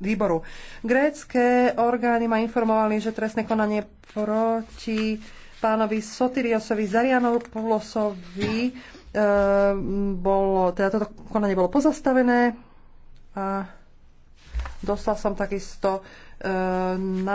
výboru. Grécké orgány ma informovali, že trestné konanie proti pánovi Sotiriosovi Zarianopoulosovi e, bolo, teda toto konanie bolo pozastavené a dostal som takisto e, na